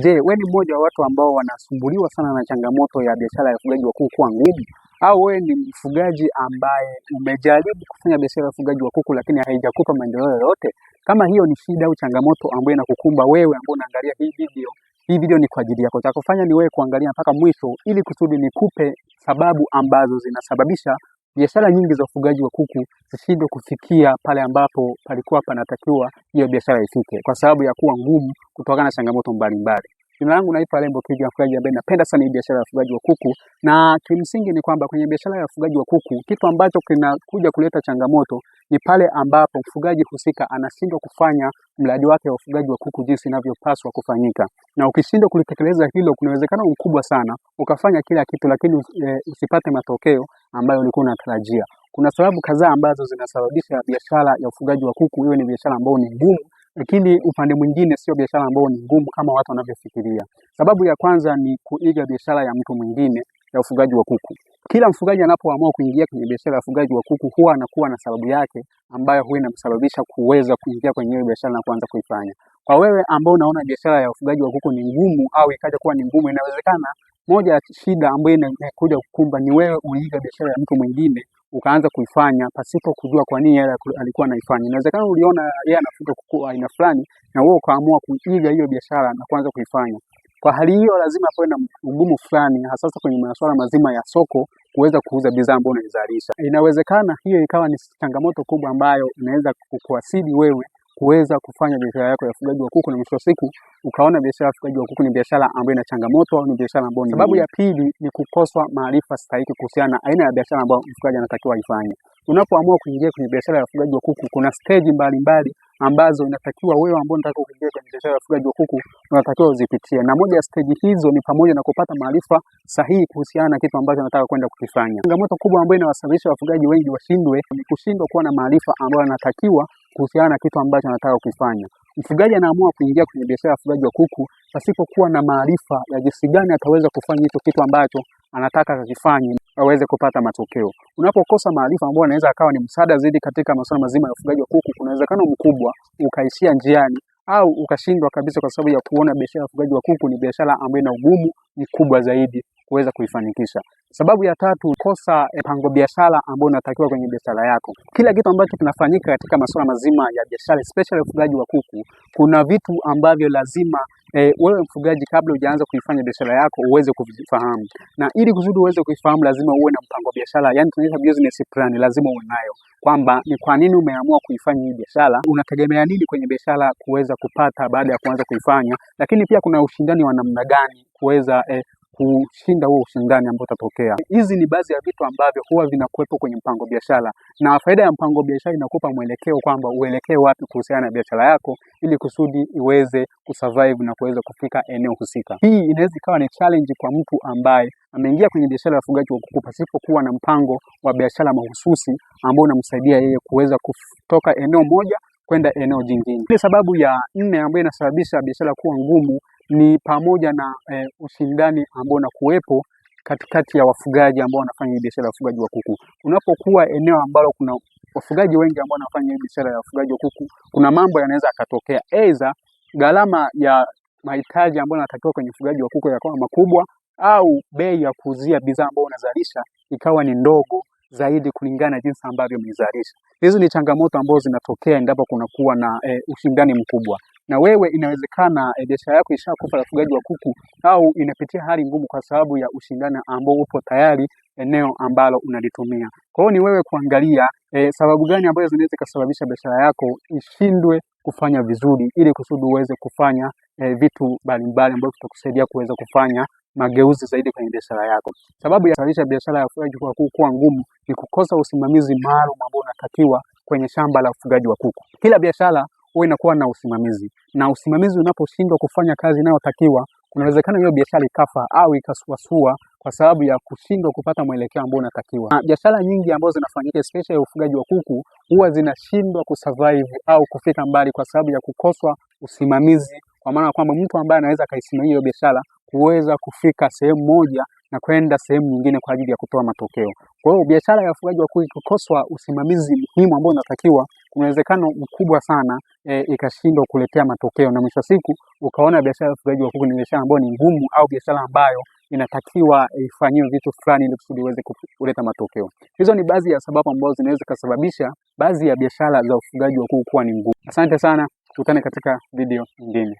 Je, wewe ni mmoja wa watu ambao wanasumbuliwa sana na changamoto ya biashara ya ufugaji wa kuku kuwa ngumu, au wewe ni mfugaji ambaye umejaribu kufanya biashara ya ufugaji wa kuku lakini haijakupa maendeleo yoyote? Kama hiyo ni shida au changamoto ambayo inakukumba wewe, ambao unaangalia hii video, hii video ni kwa ajili yako. Cha kufanya ni wewe kuangalia mpaka mwisho, ili kusudi nikupe sababu ambazo zinasababisha biashara nyingi za ufugaji wa kuku zishindwe kufikia pale ambapo palikuwa panatakiwa hiyo biashara ifike, kwa sababu ya kuwa ngumu kutokana na changamoto mbalimbali. Jina langu naitwa Lembo Twiga, mfugaji ambaye napenda sana hii biashara ya ufugaji wa kuku, na kimsingi ni kwamba kwenye biashara ya ufugaji wa kuku kitu ambacho kinakuja kuleta changamoto ni pale ambapo mfugaji husika anashindwa kufanya mradi wake wa ufugaji wa kuku jinsi inavyopaswa kufanyika, na ukishindwa kulitekeleza hilo, kuna uwezekano mkubwa sana ukafanya kila kitu, lakini eh, usipate matokeo ambayo ulikuwa unatarajia. Kuna sababu kadhaa ambazo zinasababisha biashara ya ufugaji wa kuku iwe ni biashara ambayo ni ngumu, lakini upande mwingine sio biashara ambayo ni ngumu kama watu wanavyofikiria. Sababu ya kwanza ni kuiga biashara ya mtu mwingine ya ufugaji wa kuku. Kila mfugaji anapoamua kuingia kwenye biashara ya ufugaji wa kuku huwa anakuwa na sababu yake ambayo huwa inamsababisha kuweza kuingia kwenye hiyo biashara na kuanza kuifanya. Kwa wewe ambao unaona biashara ya ufugaji wa kuku ni ngumu au ikaja kuwa ni ngumu, inawezekana moja ya shida ambayo inakuja kukumba ni wewe uiga biashara ya mtu mwingine ukaanza kuifanya pasipo kujua kwa nini yeye alikuwa anaifanya. Inawezekana uliona yeye anafuga kuku aina fulani na wewe ukaamua kuiga hiyo biashara na kuanza kuifanya. Kwa hali hiyo, lazima pawe na ugumu fulani, hasa kwenye masuala mazima ya soko kuweza kuuza bidhaa ambayo unaizalisha. Inawezekana hiyo ikawa ni changamoto kubwa ambayo inaweza kukuasidi wewe kuweza kufanya biashara yako ya ufugaji wa kuku na mwisho wa siku ukaona biashara ya ufugaji wa kuku ni biashara ambayo ina changamoto au ni biashara ambayo. Sababu ya pili ni kukoswa maarifa stahiki kuhusiana na aina ya biashara ambayo mfugaji anatakiwa aifanye. Unapoamua kuingia kwenye biashara ya ufugaji wa kuku, kuna stage mbalimbali ambazo inatakiwa wewe ambao unataka kuingia kwenye biashara ya ufugaji wa kuku unatakiwa uzipitie, na moja ya stage hizo ni pamoja na kupata maarifa sahihi kuhusiana na kitu ambacho anataka kwenda kukifanya. Changamoto kubwa ambayo inawasababisha wafugaji wengi washindwe ni kushindwa kuwa na maarifa ambayo anatakiwa kuhusiana na kitu ambacho anataka kukifanya. Mfugaji anaamua kuingia kwenye biashara ya ufugaji wa kuku pasipokuwa na maarifa ya jinsi gani ataweza kufanya hicho kitu ambacho anataka kakifanye aweze kupata matokeo. Unapokosa maarifa ambayo anaweza akawa ni msaada zaidi katika masuala mazima ya ufugaji wa kuku, kuna uwezekano mkubwa ukaishia njiani au ukashindwa kabisa, kwa sababu ya kuona biashara ya ufugaji wa kuku ni biashara ambayo ina ugumu mkubwa zaidi kuweza kuifanikisha. Sababu ya tatu, kosa mpango eh, biashara ambao unatakiwa kwenye biashara yako. Kila kitu ambacho kinafanyika katika masuala mazima ya biashara, especially ufugaji wa kuku, kuna vitu ambavyo lazima E, wewe mfugaji kabla hujaanza kuifanya biashara yako uweze kuvifahamu, na ili kusudi uweze kuifahamu lazima uwe na mpango biashara, yani tunaita business plan, lazima uwe nayo kwamba ni kwa nini umeamua kuifanya hii biashara, unategemea nini kwenye biashara kuweza kupata baada ya kuanza kuifanya, lakini pia kuna ushindani wa namna gani kuweza e, kushinda huo ushindani ambao utatokea. Hizi ni baadhi ya vitu ambavyo huwa vinakuwepo kwenye mpango biashara, na faida ya mpango biashara inakupa mwelekeo kwamba uelekee wapi kuhusiana na biashara yako, ili kusudi iweze kusurvive na kuweza kufika eneo husika. Hii inaweza ikawa ni challenge kwa mtu ambaye ameingia kwenye biashara ya ufugaji wa kuku pasipokuwa na mpango wa biashara mahususi ambao unamsaidia yeye kuweza kutoka eneo moja kwenda eneo jingine. Ile sababu ya nne ambayo inasababisha biashara kuwa ngumu ni pamoja na e, ushindani ambao unakuwepo katikati ya wafugaji ambao wanafanya biashara ya ufugaji wa kuku. Unapokuwa eneo ambalo kuna wafugaji wengi ambao wanafanya biashara ya ufugaji wa kuku, kuna mambo yanaweza yakatokea, aidha gharama ya mahitaji ambayo yanatakiwa kwenye ufugaji wa kuku yakawa makubwa, au bei ya kuuzia bidhaa ambayo unazalisha ikawa ni ndogo zaidi kulingana na jinsi ambavyo umezalisha. Hizi ni changamoto ambazo zinatokea endapo kunakuwa na e, ushindani mkubwa na wewe inawezekana e, biashara yako ishakufa la ufugaji wa kuku au inapitia hali ngumu kwa sababu ya ushindani ambao upo tayari eneo ambalo unalitumia. Kwa hiyo ni wewe kuangalia e, sababu gani ambazo zinaweza kusababisha biashara yako ishindwe kufanya vizuri, ili kusudi uweze kufanya e, vitu mbalimbali ambavyo vitakusaidia kuweza kufanya mageuzi zaidi kwenye biashara yako. Sababu ya kusababisha biashara ya ufugaji wa kuku kuwa ngumu ni kukosa usimamizi maalum ambao unatakiwa kwenye shamba la ufugaji wa kuku. Kila biashara huwa inakuwa na usimamizi, na usimamizi unaposhindwa kufanya kazi inayotakiwa, kunawezekana hiyo biashara ikafa au ikasuasua kwa sababu ya kushindwa kupata mwelekeo ambao unatakiwa. Na biashara nyingi ambazo zinafanyika especially ufugaji wa kuku huwa zinashindwa kusurvive au kufika mbali kwa sababu ya kukoswa usimamizi, kwa maana kwamba mtu ambaye anaweza akaisimamia hiyo biashara kuweza kufika sehemu moja na kwenda sehemu nyingine kwa ajili ya kutoa matokeo. Kwa hiyo biashara ya ufugaji wa kuku ikikoswa usimamizi muhimu ambao unatakiwa kuna uwezekano mkubwa sana e, ikashindwa kuletea matokeo, na mwisho wa siku ukaona biashara ya ufugaji wa kuku ni biashara ambayo ni ngumu au biashara ambayo inatakiwa ifanyiwe vitu fulani ili kusudi iweze kuleta matokeo. Hizo ni baadhi ya sababu ambazo zinaweza kusababisha baadhi ya biashara za ufugaji wa kuku kuwa ni ngumu. Asante sana, tukutane katika video nyingine.